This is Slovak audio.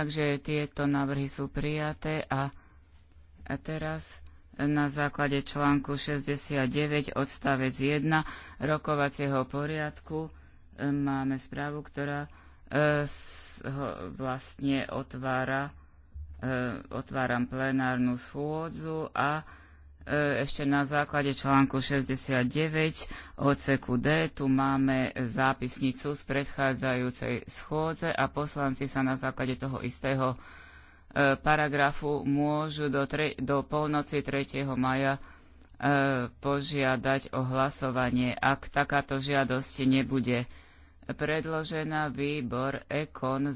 Takže tieto návrhy sú prijaté a, a teraz na základe článku 69 odstavec 1 rokovacieho poriadku e, máme správu, ktorá e, s, ho, vlastne otvára, e, otváram plenárnu schôdzu a E, ešte na základe článku 69 OCQD. Tu máme zápisnicu z predchádzajúcej schôdze a poslanci sa na základe toho istého e, paragrafu môžu do, tre- do polnoci 3. maja e, požiadať o hlasovanie. Ak takáto žiadosť nebude predložená, výbor EKON